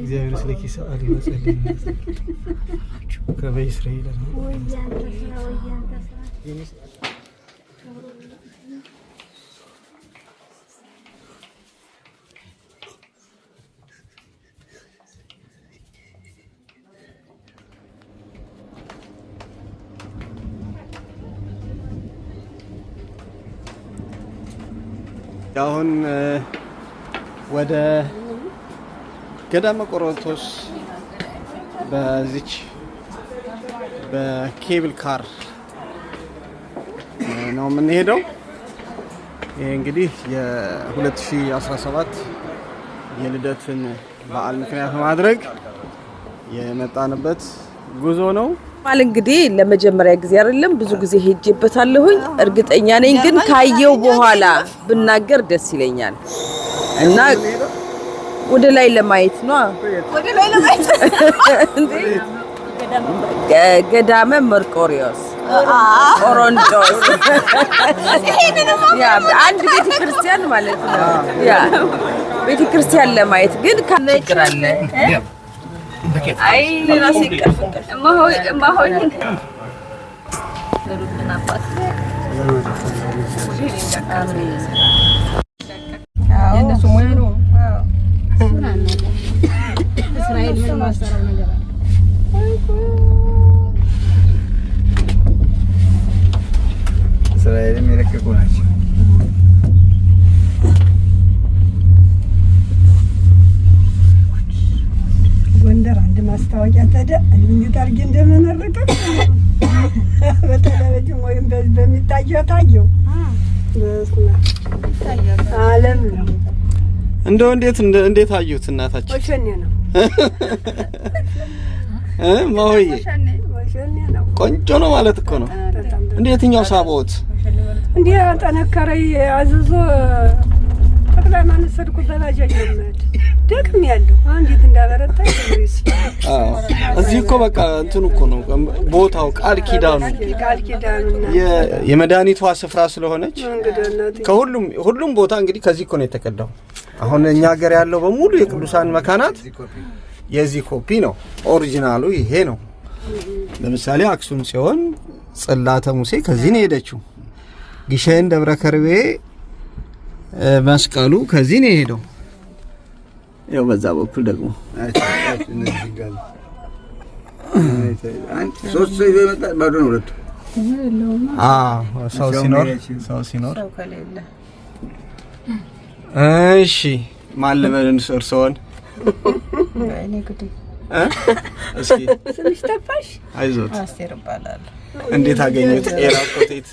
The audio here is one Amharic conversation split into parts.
እግዚአብሔር ስለ ኪሳአል ይመስገን ከበይ እስራኤል አሁን ወደ ገዳመ ቆሮንቶስ በዚች በኬብል ካር ነው የምንሄደው። ይሄ እንግዲህ የ2017 የልደትን በዓል ምክንያት በማድረግ የመጣንበት ጉዞ ነው። ማል እንግዲህ ለመጀመሪያ ጊዜ አይደለም፣ ብዙ ጊዜ ሄጄበታለሁኝ። እርግጠኛ ነኝ ግን ካየው በኋላ ብናገር ደስ ይለኛል እና ወደ ላይ ለማየት ነው። ወደ ላይ ለማየት ገዳመ መርቆሪዮስ ቆሮንጦስ አንድ ቤተ ክርስቲያን ማለት ነው። ያ ቤተ ክርስቲያን ለማየት ግን ካነግራለ አይ ራሴ ቀርፍ ቀርፍ የምታሰራው ነገር አለ። እስራኤልም የለቀቁ ናቸው። ጎንደር አንድ ማስታወቂያ ተደ እንዴት አድርጌ እንደመመረቀ በቴሌቪዥን ወይም በሚታየው ታየው ነው እንደው እንዴት እንዴት አዩት እናታችን ነው ማሆዬ ቆንጆ ነው ማለት እኮ ነው። እንደ የትኛው ሳቦት እንደ ጠነከረኝ አዝዞ ጠቅላይ ያለው አንዲት እንዳበረታ እዚህ እኮ በቃ እንትን እኮ ነው ቦታው ቃል ኪዳኑ የመድኃኒቷ ስፍራ ስለሆነች ከሁሉም ሁሉም ቦታ እንግዲህ ከዚህ እኮ ነው የተቀዳው። አሁን እኛ ሀገር ያለው በሙሉ የቅዱሳን መካናት የዚህ ኮፒ ነው። ኦሪጂናሉ ይሄ ነው። ለምሳሌ አክሱም ሲሆን ጽላተ ሙሴ ከዚህ ነው የሄደችው። ግሸን ደብረ ከርቤ መስቀሉ ከዚህ ነው የሄደው። ያው በዛ በኩል ደግሞ ሰው ሲኖር ሰው ሲኖር እሺ ማን ልበልን? እርስዎን እኔ ግድ እስኪ ትንሽ ጠፋሽ። አይዞት አስቴር እባላለሁ። እንዴት አገኙት? ኤራኮቴት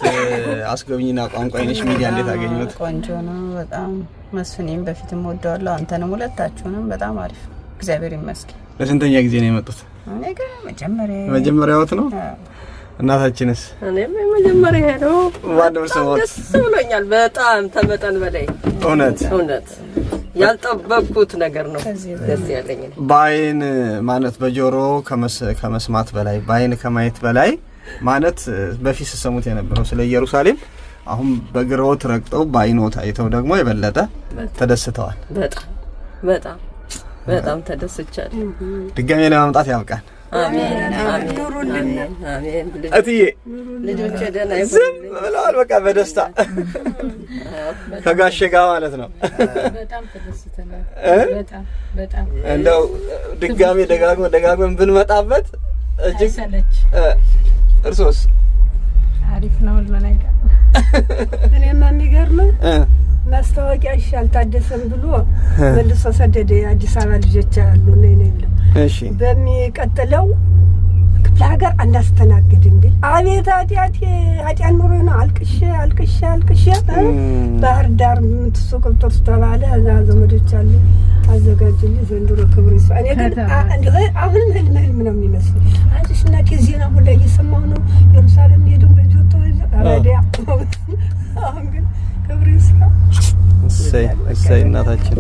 አስጎብኝና አይነሽ ሚዲያ እንዴት አገኙት? ቆንጆ ነው በጣም መስፍኔም በፊትም ወደዋለሁ፣ አንተንም ሁለታችሁንም በጣም አሪፍ እግዚአብሔር ይመስገን። ለስንተኛ ጊዜ ነው የመጡት? መጀመሪያዎት ነው እናታችንስ እኔም የመጀመሪያ ሄደው ማንም ደስ ብሎኛል። በጣም ተመጠን በላይ እውነት እውነት ያልጠበቅኩት ነገር ነው ደስ ያለኝ። በአይን ማለት በጆሮ ከመስማት በላይ በአይን ከማየት በላይ ማለት በፊት ስሰሙት የነበረው ስለ ኢየሩሳሌም አሁን በግሮት ረግጠው በአይኖት አይተው ደግሞ የበለጠ ተደስተዋል። በጣም በጣም በጣም ተደስቻለሁ። ድጋሜ ለመምጣት ያብቃል። እትዬ ዝም ብለዋል። በቃ በደስታ ከጋሼ ጋር ማለት ነው። እንደው ድጋሜ ደጋግመን ደጋግመን ብንመጣበት እጅግ እርሶስ አሪፍ ነው። እኔማ የሚገርምህ ማስታወቂያ እሺ አልታደሰም ብሎ መልሶ ሰደደ። አዲስ አበባ ልጆች አሉ ነ በሚቀጥለው ክፍለ ሀገር አናስተናግድም ቢል አቤት ኃጢአቴ ኃጢአት ኑሮ ነው። አልቅሽ አልቅሽ አልቅሽ ባህር ዳር ምትሱ ቁጥር ተባለ እዛ ዘመዶች አሉ አዘጋጅልኝ ዘንድሮ ክብር ይስፋ። እኔ ግን አሁንም ህልም ህልም ነው የሚመስል አንቺሽ እና ዜና ሁላ እየሰማሁ ነው። ኢየሩሳሌም ሄድን በጆቶ ረዲያ አሁን ግን ክብር ይስፋ። እሰይ እሰይ እናታችን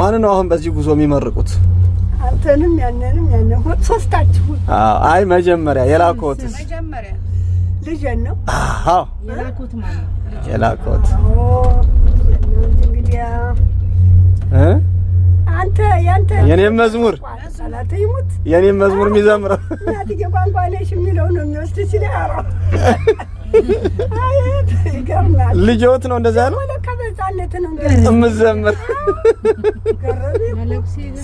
ማን ነው አሁን በዚህ ጉዞ የሚመርቁት? አንተንም ያንንም ያንን ሶስታችሁ። አዎ አይ መጀመሪያ የላኮት መጀመሪያ ልጅን ነው። አዎ የላኮት ማለት የላኮት እንግዲህ እ አንተ ያንተ የኔም መዝሙር ሰላተ ይሙት የኔ መዝሙር የሚዘምረው እናትዬ ቋንቋ ነሽ የሚለው ነው የሚወስድ ሲል አሮ አይ ይገርማል። ልጆት ነው እንደዛ ነው ማለት ነው እምዘምር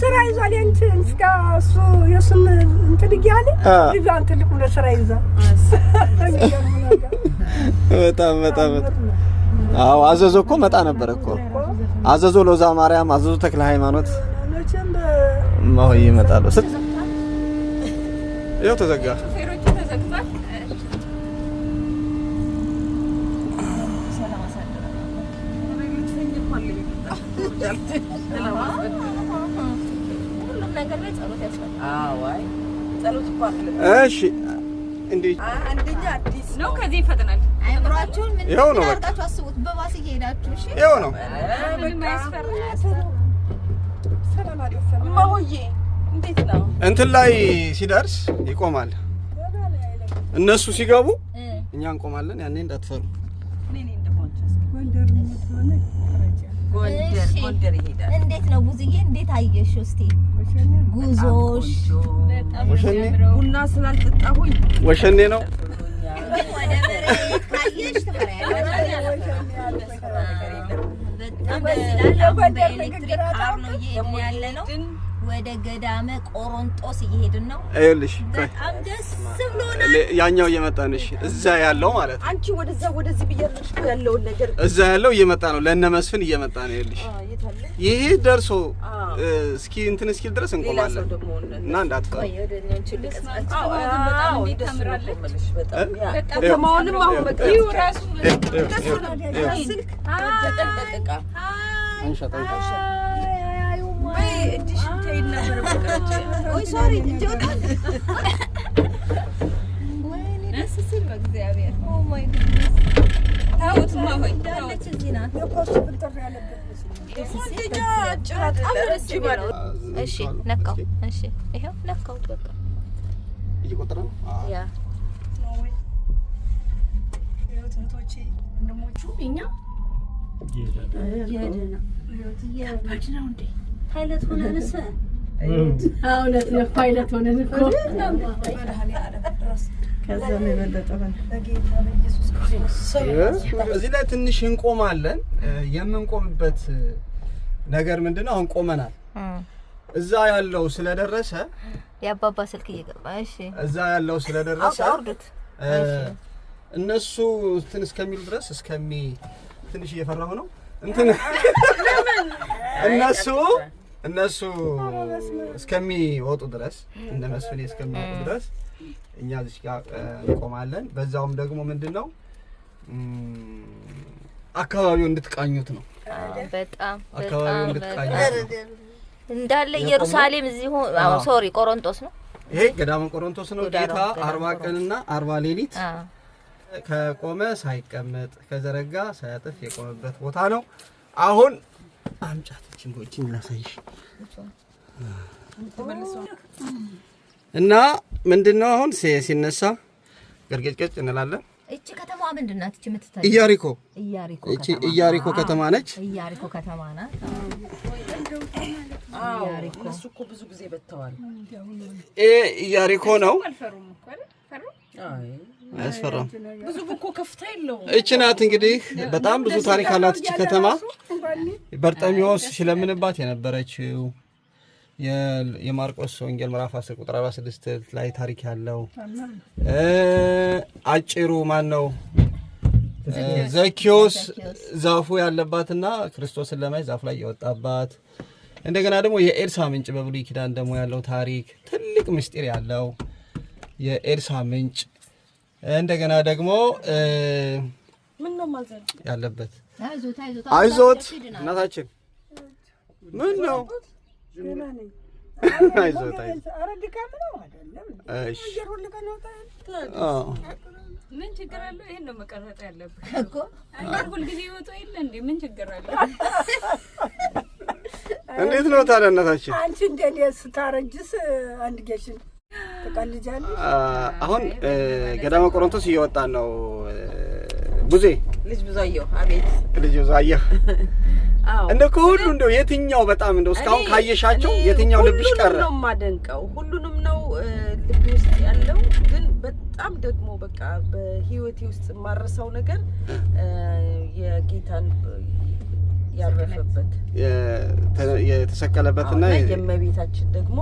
ስራ ይዟል። ያንቺን እስከ እሱ የሱን እንትን እያለ ልጇን ትልቁ ነው ይዟል። በጣም በጣም አዎ፣ አዘዞ እኮ መጣ ነበር እኮ አዘዞ፣ ሎዛ ማርያም፣ አዘዞ ተክለ ሃይማኖት መቼም ይመጣሉ። ስት ይኸው ተዘጋ። እሺ አንደኛ አዲስ ነው። ከዚህ ይፈጥናል። አይምሯችሁን ምን ነው አርጋችሁ አስቡት። በባስ እየሄዳችሁ እሺ፣ ይኸው ነው። እንትን ላይ ሲደርስ ይቆማል። እነሱ ሲገቡ እኛ እንቆማለን። ያኔ እንዳትፈሩ ጎንደር ጎንደር ይሄዳል። እንዴት ነው ጉዝዬ? እንዴት አየሽ? እስቲ ጉዞሽ ቡና ስላልጠጣሁኝ ወሸኔ ነው። ወደ መሬት ካየሽ ትፈሪያለሽ። በኤሌክትሪክ ካር ነው እየሄድን ያለ ነው ወደ ገዳመ ቆሮንጦስ እየሄድን ነው። ይኸውልሽ በጣም ደስ ብሎናል። ያኛው እየመጣ ነሽ፣ እዛ ያለው ማለት ነው። አንቺ ወደዛ ወደዚህ ብያለሽ ያለውን ነገር እዛ ያለው እየመጣ ነው፣ ለእነ መስፍን እየመጣ ነው። ይኸውልሽ ይሄ ደርሶ እስኪ እንትን እስኪል ድረስ እንቆማለን እና እንዳትፈራ። እኛ ከባድ ነው እንዴ? ፓይለት ሆነን እውነት ነው ፓይለት ሆነን እኮ ከዛም የበለጠ እዚህ ላይ ትንሽ እንቆማለን። የምንቆምበት ነገር ምንድን ነው? አሁን ቆመናል። እዛ ያለው ስለደረሰ የአባባ ስልክ እየገባ እሺ፣ እዛ ያለው ስለደረሰ እነሱ እንትን እስከሚሉ ድረስ እስከሚ ትንሽ እየፈራሁ ነው እንትን እነሱ እነሱ እስከሚወጡ ድረስ እንደ መስፍኔ እስከሚወጡ ድረስ እኛ እዚህ ጋር እንቆማለን። በዛውም ደግሞ ምንድን ነው አካባቢው እንድትቃኙት ነው። በጣም አካባቢው እንድትቃኙት እንዳለ ኢየሩሳሌም እዚህ ሶሪ ቆሮንቶስ ነው። ይሄ ገዳመ ቆሮንቶስ ነው። ጌታ አርባ ቀንና አርባ ሌሊት ከቆመ ሳይቀመጥ ከዘረጋ ሳያጥፍ የቆመበት ቦታ ነው። አሁን አምጫት እና ምንድን ነው አሁን ሲነሳ ገርጌጭ እንላለን። እቺ ከተማ ምንድን ናት? እቺ የምትታይ ኢያሪኮ ኢያሪኮ ከተማ ነች። ኢያሪኮ ከተማ ናት። እነሱ እኮ ብዙ ጊዜ በተዋል። ኢያሪኮ ነው። አያስፈራም። ብዙ ከፍታ እች ናት እንግዲህ በጣም ብዙ ታሪክ አላት እች ከተማ። በርጠሚዎስ ሲለምንባት የነበረችው የማርቆስ ወንጌል ምዕራፍ 10 ቁጥር 46 ላይ ታሪክ ያለው አጭሩ ማን ነው? ዘኪዮስ ዛፉ ያለባትና ክርስቶስን ለማየት ዛፉ ላይ የወጣባት እንደገና ደግሞ የኤልሳ ምንጭ በብሉይ ኪዳን ደግሞ ያለው ታሪክ ትልቅ ምስጢር ያለው የኤልሳ ምንጭ እንደገና ደግሞ ያለበት አይዞት እናታችን ምን ነው አይዞት ምን ችግር አለው? ይሄን ነው መቀረጥ ያለብህ እኮ አንዳንድ ሁልጊዜ ይወጡ የለ እንዴ? ምን ችግር አለ? እንዴት ነው ታዲያ እናታችን አንቺ እንደ ስታረጅስ አንድ ጌሽን አሁን ገዳመ ቆሮንቶስ እየወጣን ነው። ቡዜ ልጅ ብዙ አየሁ። አቤት ልጅ ብዙ አየሁ። እንደ ከሁሉ እንደው የትኛው በጣም እንደው እስካሁን ካየሻቸው የትኛው ልብሽ ቀረ? ሁሉንም ነው የማደንቀው፣ ሁሉንም ነው ልብ ውስጥ ያለው። ግን በጣም ደግሞ በቃ በህይወቴ ውስጥ የማረሰው ነገር የጌታን ያረፈበት የተሰቀለበትና የእመቤታችን ደግሞ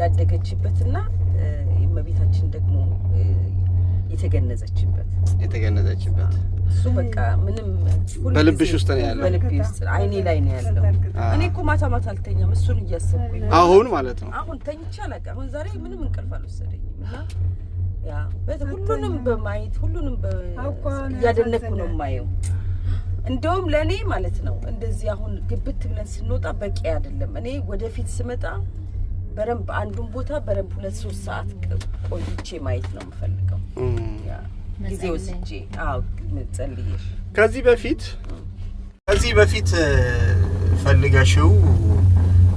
ያደገችበትና የእመቤታችን ደግሞ የተገነዘችበት የተገነዘችበት እሱ በቃ ምንም በልብሽ ውስጥ ነው ያለው፣ በልብ ውስጥ አይኔ ላይ ነው ያለው። እኔ እኮ ማታ ማታ አልተኛም እሱን እያሰብኩኝ። አሁን ማለት ነው አሁን ተኝቻ አላውቅም። አሁን ዛሬ ምንም እንቅልፍ አልወሰደኝም እና ያ ሁሉንም በማየት ሁሉንም እያደነኩ ነው የማየው እንደውም ለእኔ ማለት ነው እንደዚህ አሁን ግብት ብለን ስንወጣ በቂ አይደለም። እኔ ወደፊት ስመጣ በረንብ አንዱን ቦታ በረንብ ሁለት ሶስት ሰዓት ቆይቼ ማየት ነው የምፈልገው ጊዜ ወስጄ ጸልዬ። ከዚህ በፊት ከዚህ በፊት ፈልገሽው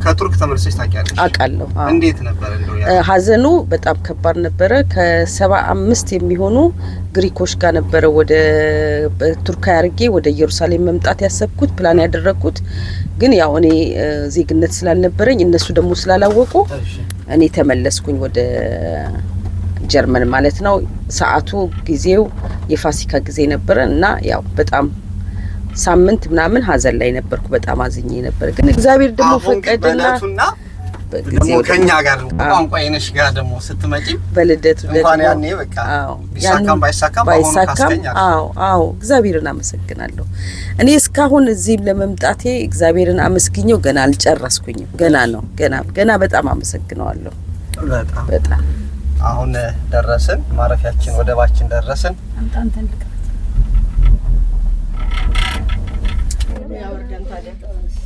ከቱርክ ተመልሰሽ ታውቂያለሽ? አውቃለሁ። እንዴት ነበር? ሀዘኑ በጣም ከባድ ነበረ። ከሰባ አምስት የሚሆኑ ግሪኮች ጋር ነበረ ወደ ቱርካይ አድርጌ ወደ ኢየሩሳሌም መምጣት ያሰብኩት ፕላን ያደረግኩት ግን ያው እኔ ዜግነት ስላልነበረኝ እነሱ ደግሞ ስላላወቁ እኔ ተመለስኩኝ ወደ ጀርመን ማለት ነው። ሰዓቱ ጊዜው የፋሲካ ጊዜ ነበረ እና ያው በጣም ሳምንት ምናምን ሀዘን ላይ ነበርኩ። በጣም አዝኜ ነበር። ግን እግዚአብሔር ደግሞ ፈቀደና ደግሞ ከኛ ጋር ቋንቋ ይነሽ ጋር ደግሞ ስትመጪ በልደቱ እንኳን ያኔ በቃ ቢሳካም ባይሳካም አዎ አዎ እግዚአብሔርን አመሰግናለሁ። እኔ እስካሁን እዚህም ለመምጣቴ እግዚአብሔርን አመስግኘው ገና አልጨረስኩኝም። ገና ነው ገና ገና በጣም አመሰግነዋለሁ። በጣም በጣም አሁን ደረስን፣ ማረፊያችን ወደባችን ደረስን። ማለት ነው።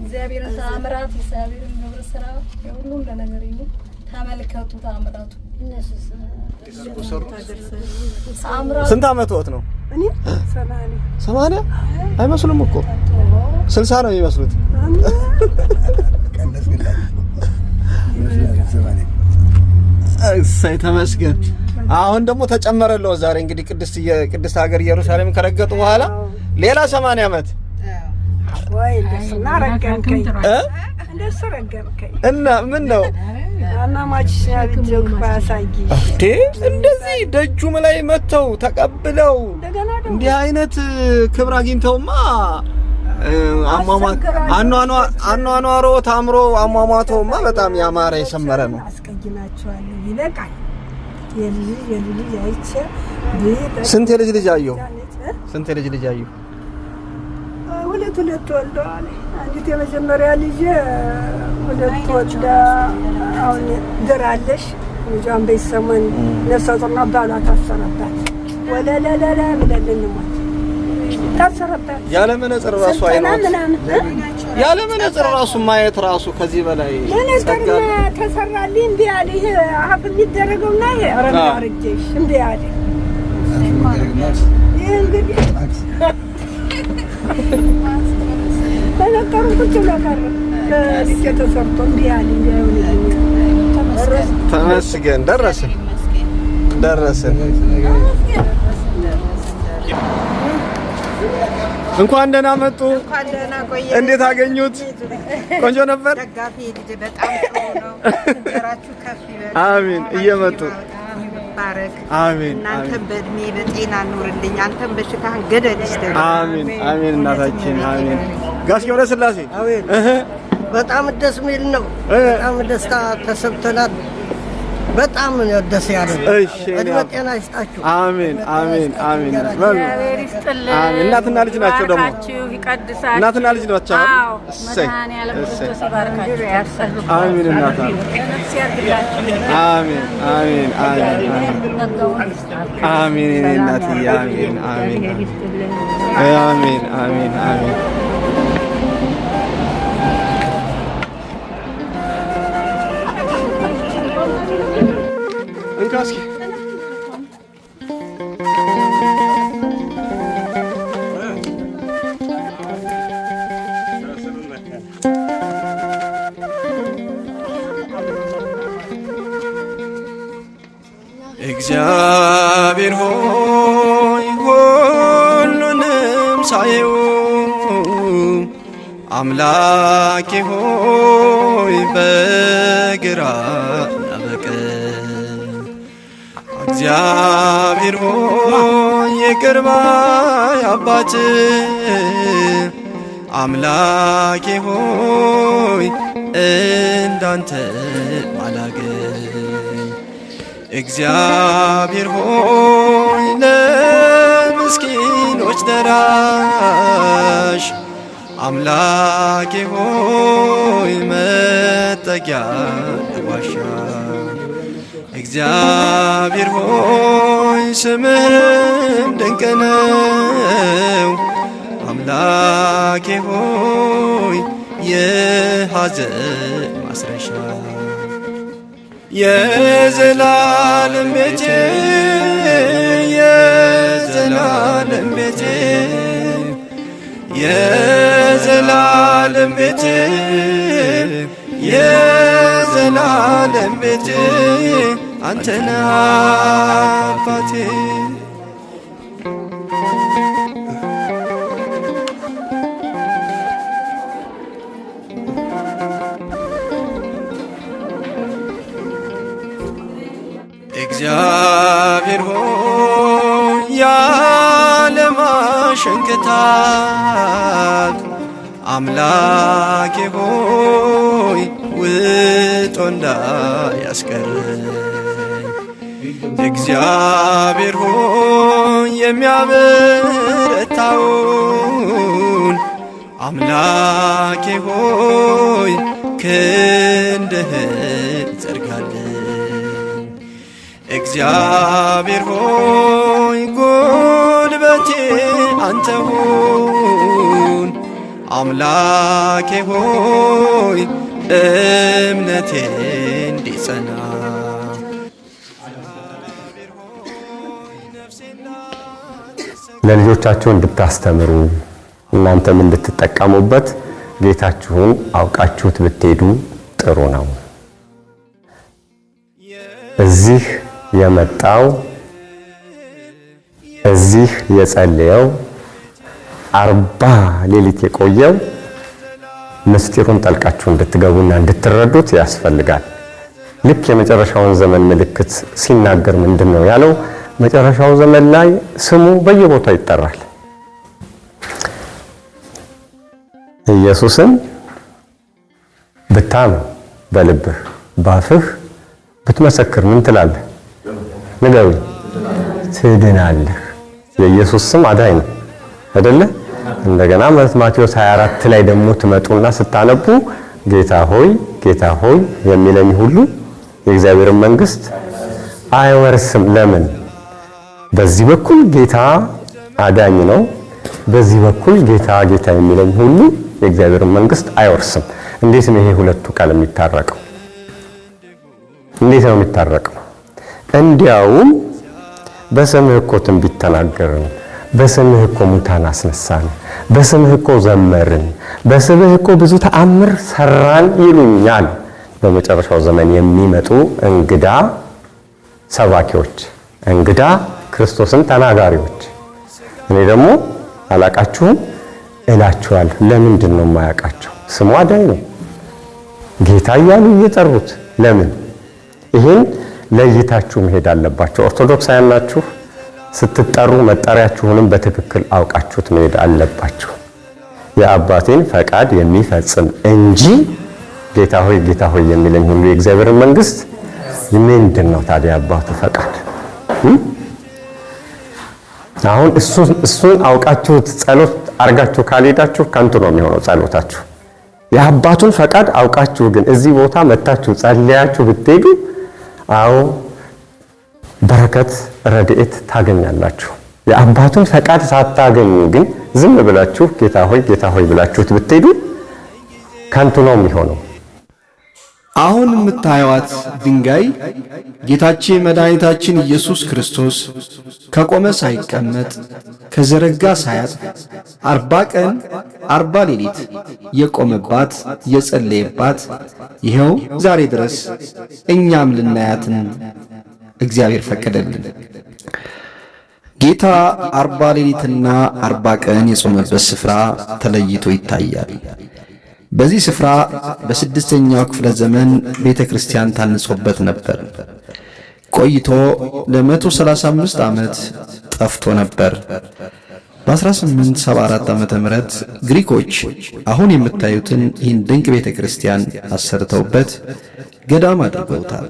እግዚአብሔርን ስራ ለነገር ይሁን ተመልከቱ። ስንት አመት ነው? ሰማንያ አይመስሉም እኮ ስልሳ ነው የሚመስሉት። እሰይ ተመስገን። አሁን ደግሞ ተጨመረለው ዛሬ እንግዲህ ቅድስት ሀገር ኢየሩሳሌም ከረገጡ በኋላ ሌላ ሰማንያ አመት እና ምን ነው እንደዚህ ደጁም ላይ መጥተው ተቀብለው እንዲህ አይነት ክብር አግኝተውማ አኗኗሮ ታምሮ አሟሟተውማ በጣም ያማረ የሰመረ ነው። ስንት የልጅ ልጅ አየሁ። ስንት የልጅ ልጅ አየሁ። ሁለት ወልደዋል። አንዲት የመጀመሪያ ልጅ ሁለት ወልዳ አሁን ድራለሽ። ልጇን በይሰማን ነፍሰ ጡርና ባሏ ታሰረባት። ወለለለለ ብለን ልንሞት ታሰረባት። ያለ መነጽር ራሱ አይናት ያለ መነጽር ራሱ ማየት ራሱ ከዚህ በላይ መነጽር ተሰራልኝ። እምቢ አለኝ። አፍ የሚደረገው ና ረና አርጌሽ እምቢ አለኝ። ይህ እንግዲህ ተነጠሩ ቁጭ ብሎ ቀረ። በልኬ ተሰርቶ እንዲህ ያለ ተመስገን ደረስን ደረስን። እንኳን ደህና መጡ። እንዴት አገኙት? ቆንጆ ነበር። አሚን እየመጡ ይባረክ። አሜን። እናንተም በእድሜ በጤና ኑርልኝ። አንተም በሽታህን ገደል ይስደል። አሜን፣ አሜን። እናታችን አሜን። ጋሽ ገብረ ስላሴ አሜን። በጣም ደስ የሚል ነው። በጣም ደስታ ተሰብተናል። በጣም ደስ ያደርግ። እሺ እድሜ ጤና ይስጣችሁ። አሜን አሜን አሜን። እግዚአብሔር ይስጥልን። እናትና ልጅ ናቸው ደግሞ ይቀድሳችሁ። እናትና ልጅ ናቸው። አዎ መድኃኒዓለም ክርስቶስ ይባርካችሁ። አሜን እናታ አሜን አሜን አሜን አሜን አሜን አሜን አሜን አሜን አሜን сказки. ፊት አምላኬ ሆይ እንዳንተ ማላገ እግዚአብሔር ሆይ ለምስኪኖች ደራሽ አምላኬ ሆይ መጠጊያ ዋሻ እግዚአብሔር ሆይ ስምህም ድንቅ ነው። አምላኬ ሆይ የሐዘን ማስረሻ የዘላለም ቤቴ የዘላለም ቤቴ የዘላለም ቤቴ የዘላለም ቤቴ አንተ ነህ አባቴ እግዚአብሔር ሆይ ያለማሸንክታት አምላኬ ሆይ ውጦ እንዳያ እግዚአብሔር ሆይ የሚያበረታውን አምላኬ ሆይ ክንድህ ዘርጋልን። እግዚአብሔር ሆይ ጉልበቴ አንተሁን አምላኬ ሆይ እምነቴ እንዲጸና ለልጆቻችሁ እንድታስተምሩ እናንተም እንድትጠቀሙበት ጌታችሁን አውቃችሁት ብትሄዱ ጥሩ ነው። እዚህ የመጣው እዚህ የጸለየው አርባ ሌሊት የቆየው ምስጢሩን ጠልቃችሁ እንድትገቡና እንድትረዱት ያስፈልጋል። ልክ የመጨረሻውን ዘመን ምልክት ሲናገር ምንድን ነው ያለው? መጨረሻው ዘመን ላይ ስሙ በየቦታው ይጠራል። ኢየሱስን ብታምን በልብህ ባፍህ ብትመሰክር ምን ትላለህ? ንገሩኝ፣ ትድናለህ። የኢየሱስ ስም አዳኝ ነው አይደለ? እንደገና ማለት ማቴዎስ 24 ላይ ደግሞ ትመጡና ስታነቡ ጌታ ሆይ ጌታ ሆይ የሚለኝ ሁሉ የእግዚአብሔርን መንግስት አይወርስም። ለምን? በዚህ በኩል ጌታ አዳኝ ነው። በዚህ በኩል ጌታ ጌታ የሚለኝ ሁሉ የእግዚአብሔር መንግስት አይወርስም። እንዴት ነው ይሄ ሁለቱ ቃል የሚታረቀው? እንዴት ነው የሚታረቀው? እንዲያውም በስምህ እኮ ትንቢት ተናገርን፣ በስምህ እኮ ሙታን አስነሳን፣ በስምህ እኮ ዘመርን፣ በስምህ እኮ ብዙ ተአምር ሰራን ይሉኛል በመጨረሻው ዘመን የሚመጡ እንግዳ ሰባኪዎች እንግዳ ክርስቶስን ተናጋሪዎች እኔ ደግሞ አላቃችሁም እላችኋለሁ። ለምንድን ነው የማያውቃቸው? ስሙ አዳኝ ነው። ጌታ እያሉ እየጠሩት ለምን? ይህን ለይታችሁ መሄድ አለባቸው። ኦርቶዶክሳውያን ናችሁ ስትጠሩ መጠሪያችሁንም በትክክል አውቃችሁት መሄድ አለባችሁ። የአባቴን ፈቃድ የሚፈጽም እንጂ ጌታ ሆይ ጌታ ሆይ የሚለኝ ሁሉ የእግዚአብሔርን መንግስት ምንድን ነው ታዲያ አባቱ ፈቃድ አሁን እሱን አውቃችሁት ጸሎት አርጋችሁ ካልሄዳችሁ ከንቱ ነው የሚሆነው ጸሎታችሁ። የአባቱን ፈቃድ አውቃችሁ ግን እዚህ ቦታ መታችሁ ጸልያችሁ ብትሄዱ፣ አዎ በረከት ረድኤት ታገኛላችሁ። የአባቱን ፈቃድ ሳታገኙ ግን ዝም ብላችሁ ጌታ ሆይ ጌታ ሆይ ብላችሁት ብትሄዱ ከንቱ ነው የሚሆነው። አሁን የምታዩት ድንጋይ ጌታችን መድኃኒታችን ኢየሱስ ክርስቶስ ከቆመ ሳይቀመጥ ከዘረጋ ሳያጥፍ አርባ ቀን አርባ ሌሊት የቆመባት የጸለየባት ይኸው ዛሬ ድረስ እኛም ልናያትን እግዚአብሔር ፈቀደልን። ጌታ አርባ ሌሊትና አርባ ቀን የጾመበት ስፍራ ተለይቶ ይታያል። በዚህ ስፍራ በስድስተኛው ክፍለ ዘመን ቤተ ክርስቲያን ታንጾበት ነበር። ቆይቶ ለ135 ዓመት ጠፍቶ ነበር። በ1874 ዓመተ ምህረት ግሪኮች አሁን የምታዩትን ይህን ድንቅ ቤተ ክርስቲያን አሰርተውበት ገዳም አድርገውታል።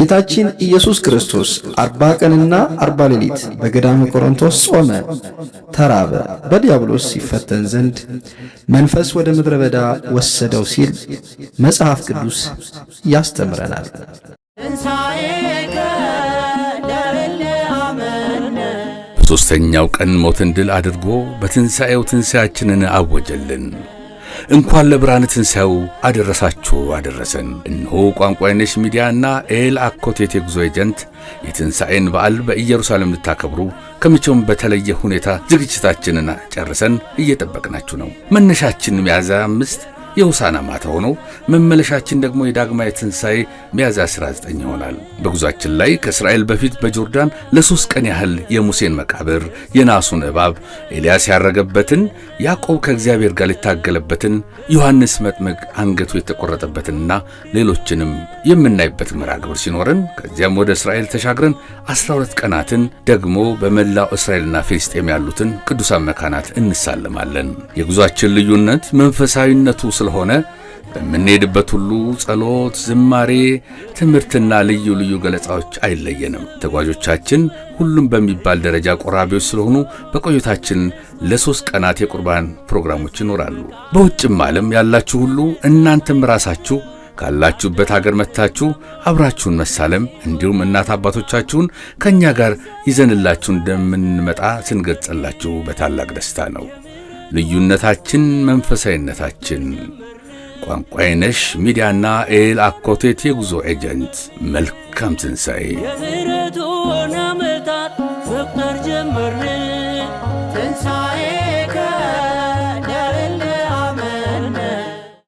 ጌታችን ኢየሱስ ክርስቶስ አርባ ቀንና አርባ ሌሊት በገዳመ ቆሮንቶስ ጾመ፣ ተራበ። በዲያብሎስ ሲፈተን ዘንድ መንፈስ ወደ ምድረ በዳ ወሰደው ሲል መጽሐፍ ቅዱስ ያስተምረናል። በሦስተኛው ቀን ሞትን ድል አድርጎ በትንሣኤው ትንሣያችንን አወጀልን። እንኳን ለብርሃነ ትንሣኤው አደረሳችሁ አደረሰን። እነሆ ቋንቋ የነሽ ሚዲያና ኤል አኮቴት የጉዞ ኤጀንት የትንሣኤን በዓል በኢየሩሳሌም ልታከብሩ ከመቼውም በተለየ ሁኔታ ዝግጅታችንን ጨርሰን እየጠበቅናችሁ ነው። መነሻችን ሚያዝያ አምስት የሆሳዕና ማታ ሆኖ መመለሻችን ደግሞ የዳግማዊ ትንሣኤ ሚያዝያ 19 ይሆናል። በጉዟችን ላይ ከእስራኤል በፊት በጆርዳን ለሦስት ቀን ያህል የሙሴን መቃብር፣ የናሱን እባብ፣ ኤልያስ ያረገበትን፣ ያዕቆብ ከእግዚአብሔር ጋር የታገለበትን፣ ዮሐንስ መጥምቅ አንገቱ የተቆረጠበትንና ሌሎችንም የምናይበት መርሃ ግብር ሲኖረን ከዚያም ወደ እስራኤል ተሻግረን 12 ቀናትን ደግሞ በመላው እስራኤልና ፊልስጤም ያሉትን ቅዱሳን መካናት እንሳለማለን። የጉዟችን ልዩነት መንፈሳዊነቱ ስለሆነ በምንሄድበት ሁሉ ጸሎት፣ ዝማሬ፣ ትምህርትና ልዩ ልዩ ገለጻዎች አይለየንም። ተጓዦቻችን ሁሉም በሚባል ደረጃ ቆራቢዎች ስለሆኑ በቆይታችን ለሶስት ቀናት የቁርባን ፕሮግራሞች ይኖራሉ። በውጭም ዓለም ያላችሁ ሁሉ እናንተም ራሳችሁ ካላችሁበት አገር መጥታችሁ አብራችሁን መሳለም እንዲሁም እናት አባቶቻችሁን ከእኛ ጋር ይዘንላችሁ እንደምንመጣ ስንገልጸላችሁ በታላቅ ደስታ ነው። ልዩነታችን መንፈሳዊነታችን። ቋንቋይነሽ ሚዲያና ኤል አኮቴት የጉዞ ኤጀንት መልካም ትንሣኤ